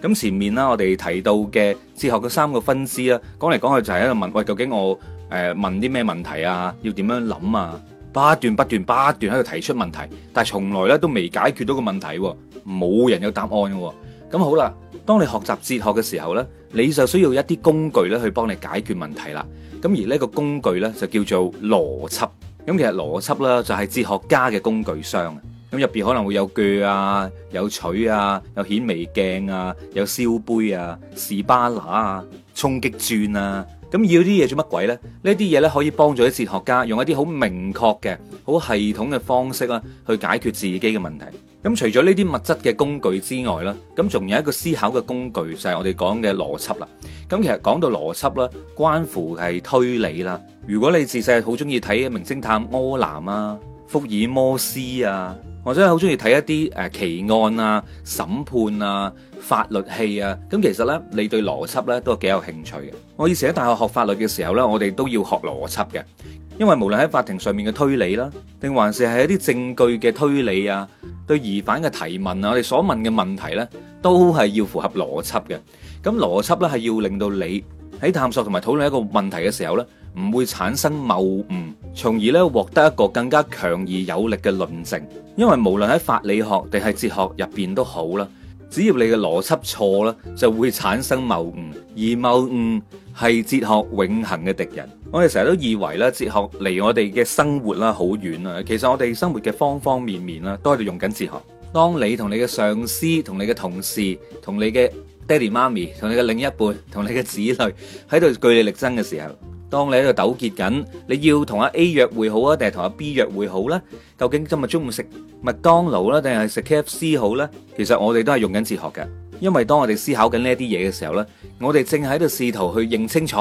咁前面啦，我哋提到嘅哲學嘅三個分支啦，講嚟講去就係喺度問，喂，究竟我誒問啲咩問題啊？要點樣諗啊？不斷不斷不斷喺度提出問題，但係從來咧都未解決到個問題，冇人有答案嘅。咁好啦，當你學習哲學嘅時候咧，你就需要一啲工具咧去幫你解決問題啦。咁而呢個工具咧就叫做邏輯。咁其實邏輯啦就係哲學家嘅工具箱。咁入邊可能會有鋸啊、有錘啊、有顯微鏡啊、有燒杯啊、士巴拿啊、衝擊鑽啊，咁要啲嘢做乜鬼呢？呢啲嘢呢，可以幫助啲哲學家用一啲好明確嘅、好系統嘅方式啊去解決自己嘅問題。咁除咗呢啲物質嘅工具之外啦，咁仲有一個思考嘅工具就係我哋講嘅邏輯啦。咁其實講到邏輯啦，關乎係推理啦。如果你自細好中意睇《名偵探柯南》啊、《福爾摩斯》啊。或者好中意睇一啲誒奇案啊、審判啊、法律戲啊，咁其實呢，你對邏輯呢都幾有有興趣嘅。我以前喺大學學法律嘅時候呢，我哋都要學邏輯嘅，因為無論喺法庭上面嘅推理啦，定還是係一啲證據嘅推理啊，對疑犯嘅提問啊，我哋所問嘅問題呢，都係要符合邏輯嘅。咁邏輯呢，係要令到你喺探索同埋討論一個問題嘅時候呢，唔會產生謬誤，從而咧獲得一個更加強而有力嘅論證。因為無論喺法理學定係哲學入邊都好啦，只要你嘅邏輯錯啦，就會產生謬誤。而謬誤係哲學永恆嘅敵人。我哋成日都以為咧，哲學離我哋嘅生活啦好遠啊。其實我哋生活嘅方方面面啦，都喺度用緊哲學。當你同你嘅上司、同你嘅同事、同你嘅爹哋媽咪、同你嘅另一半、同你嘅子女喺度據理力爭嘅時候。當你喺度糾結緊，你要同阿 A 約會好啊，定係同阿 B 約會好咧？究竟今日中午食麥當勞啦，定係食 KFC 好咧？其實我哋都係用緊哲學嘅，因為當我哋思考緊呢一啲嘢嘅時候咧，我哋正喺度試圖去認清楚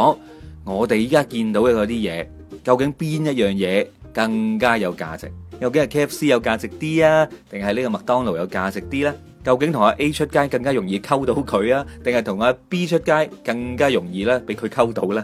我哋依家見到嘅嗰啲嘢，究竟邊一樣嘢更加有價值？究竟係 KFC 有價值啲啊？定係呢個麥當勞有價值啲咧？究竟同阿 A 出街更加容易溝到佢啊？定係同阿 B 出街更加容易咧，俾佢溝到咧？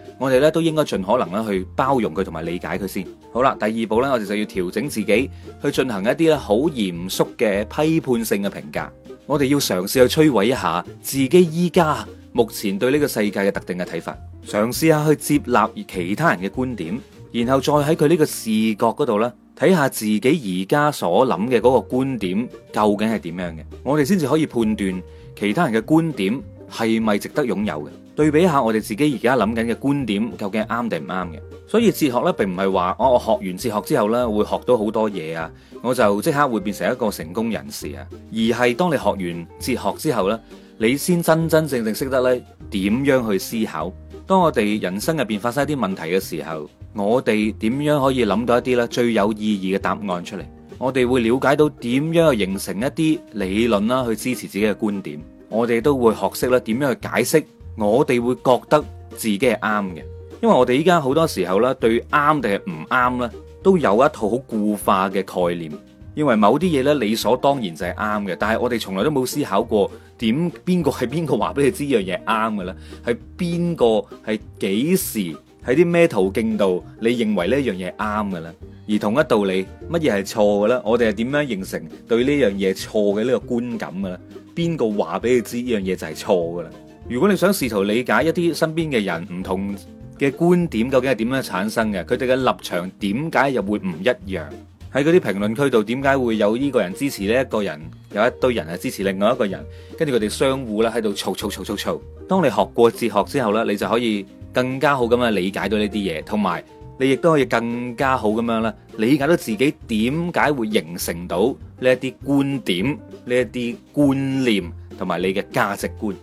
我哋咧都應該盡可能咧去包容佢同埋理解佢先。好啦，第二步呢，我哋就要調整自己，去進行一啲咧好嚴肅嘅批判性嘅評價。我哋要嘗試去摧毀一下自己依家目前對呢個世界嘅特定嘅睇法，嘗試下去接納其他人嘅觀點，然後再喺佢呢個視覺嗰度呢，睇下自己而家所諗嘅嗰個觀點究竟係點樣嘅，我哋先至可以判斷其他人嘅觀點。係咪值得擁有嘅？對比一下我哋自己而家諗緊嘅觀點，究竟啱定唔啱嘅？所以哲學呢，並唔係話我我學完哲學之後呢，會學到好多嘢啊，我就即刻會變成一個成功人士啊。而係當你學完哲學之後呢，你先真真正正識得呢點樣去思考。當我哋人生入邊發生一啲問題嘅時候，我哋點樣可以諗到一啲呢最有意義嘅答案出嚟？我哋會了解到點樣去形成一啲理論啦，去支持自己嘅觀點。我哋都會學識咧點樣去解釋，我哋會覺得自己係啱嘅，因為我哋依家好多時候咧，對啱定係唔啱咧，都有一套好固化嘅概念，認為某啲嘢咧理所當然就係啱嘅。但係我哋從來都冇思考過點邊個係邊個話俾你知呢樣嘢係啱嘅咧？係邊個係幾時喺啲咩途徑度你認為呢樣嘢係啱嘅咧？而同一道理，乜嘢係錯嘅咧？我哋係點樣形成對呢樣嘢係錯嘅呢個觀感嘅咧？邊個話俾你知呢樣嘢就係錯噶啦？如果你想試圖理解一啲身邊嘅人唔同嘅觀點究竟係點樣產生嘅，佢哋嘅立場點解又會唔一樣？喺嗰啲評論區度，點解會有呢個人支持呢一個人，有一堆人係支持另外一個人，跟住佢哋相互咧喺度嘈嘈嘈、吵吵吵吵吵。當你學過哲學之後呢，你就可以更加好咁樣理解到呢啲嘢，同埋。你亦都可以更加好咁樣啦，理解到自己點解會形成到呢一啲觀點、呢一啲觀念同埋你嘅價值觀。